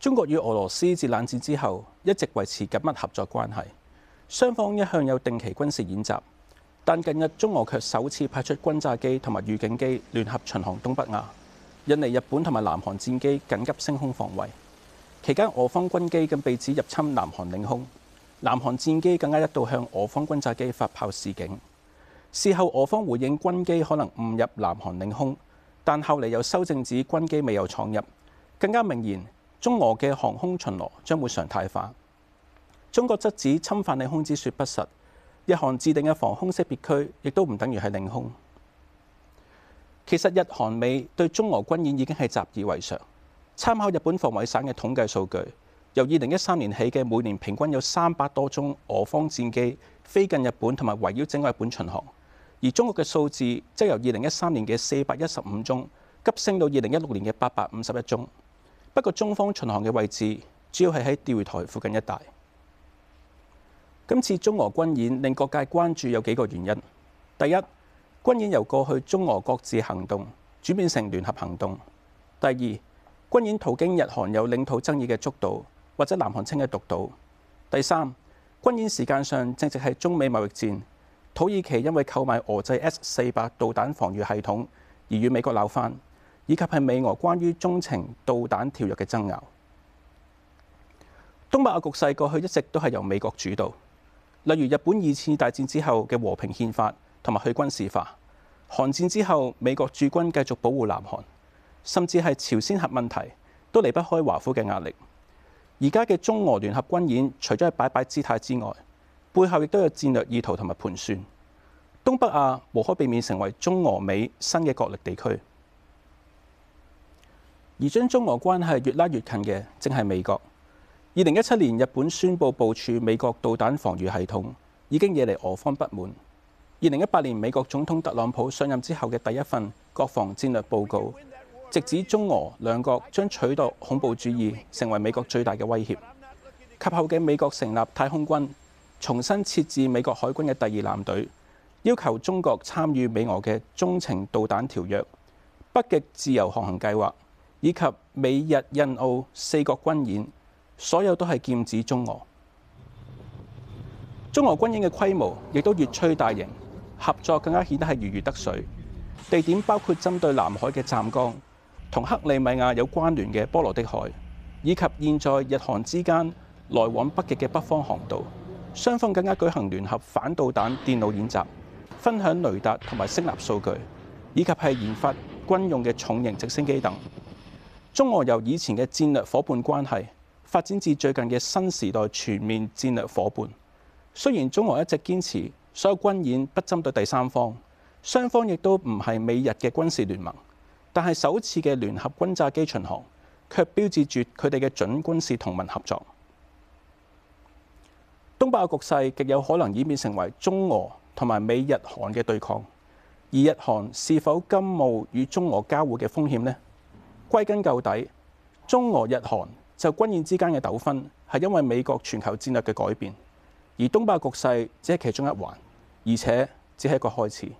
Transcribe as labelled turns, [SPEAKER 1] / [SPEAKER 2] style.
[SPEAKER 1] 中國與俄羅斯自冷戰之後一直維持緊密合作關係，雙方一向有定期軍事演習。但近日中俄卻首次派出轟炸機同埋預警機聯合巡航東北亞，引嚟日本同埋南韓戰機緊急升空防衛。期間俄方軍機更被指入侵南韓領空，南韓戰機更加一度向俄方轟炸機發炮示警。事後俄方回應軍機可能誤入南韓領空，但後嚟又修正指軍機未有闖入，更加明言，中俄嘅航空巡邏將會常態化。中國則指侵犯領空之説不實。日韓制定嘅防空識別區亦都唔等於係領空。其實日韓美對中俄軍演已經係習以為常。參考日本防衛省嘅統計數據，由二零一三年起嘅每年平均有三百多宗俄方戰機飛近日本同埋圍繞整個日本巡航。而中國嘅數字則由二零一三年嘅四百一十五宗急升到二零一六年嘅八百五十一宗。一個中方巡航嘅位置，主要係喺釣魚台附近一帶。今次中俄軍演令各界關注有幾個原因：第一，軍演由過去中俄各自行動轉變成聯合行動；第二，軍演途經日韓有領土爭議嘅竹島或者南韓稱嘅獨島；第三，軍演時間上正值係中美貿易戰，土耳其因為購買俄製 S 四百導彈防禦系統而與美國鬧翻。以及係美俄關於中程導彈條約嘅爭拗，東北亞局勢過去一直都係由美國主導。例如日本二次大戰之後嘅和平憲法同埋去軍事化，韓戰之後美國駐軍繼續保護南韓，甚至係朝鮮核問題都離不開華府嘅壓力。而家嘅中俄聯合軍演，除咗係擺擺姿態之外，背後亦都有戰略意圖同埋盤算。東北亞無可避免成為中俄美新嘅角力地區。而將中俄關係越拉越近嘅，正係美國。二零一七年，日本宣布部署美國導彈防禦系統，已經惹嚟俄方不滿。二零一八年，美國總統特朗普上任之後嘅第一份國防戰略報告，直指中俄兩國將取代恐怖主義成為美國最大嘅威脅。及後嘅美國成立太空軍，重新設置美國海軍嘅第二艦隊，要求中國參與美俄嘅中程導彈條約、北極自由航行計劃。以及美日印澳四國軍演，所有都係劍指中俄。中俄軍演嘅規模亦都越趨大型，合作更加顯得係如魚得水。地點包括針對南海嘅湛江，同克里米亞有關聯嘅波羅的海，以及現在日韓之間來往北極嘅北方航道。雙方更加舉行聯合反導彈電腦演習，分享雷達同埋聲納數據，以及係研發軍用嘅重型直升機等。中俄由以前嘅戰略伙伴關係發展至最近嘅新時代全面戰略伙伴。雖然中俄一直堅持所有軍演不針對第三方，雙方亦都唔係美日嘅軍事聯盟，但係首次嘅聯合轟炸機巡航卻標誌住佢哋嘅準軍事同盟合作。東北亞局勢極有可能演變成為中俄同埋美日韓嘅對抗，而日韓是否甘冒與中俄交互嘅風險呢？歸根究底，中俄日韓就軍演之間嘅糾紛，係因為美國全球戰略嘅改變，而東北亞局勢只係其中一環，而且只係一個開始。